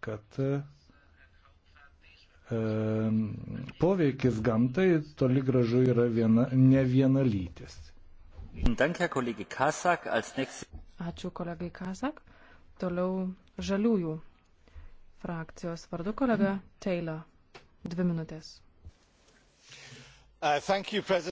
kad e, poveikis gamtai toli gražu yra viena, ne vienalytis. Ačiū kolegai Kazak. Toliau žaliųjų frakcijos vardu kolega Taylor. Dvi minutės. Uh, you,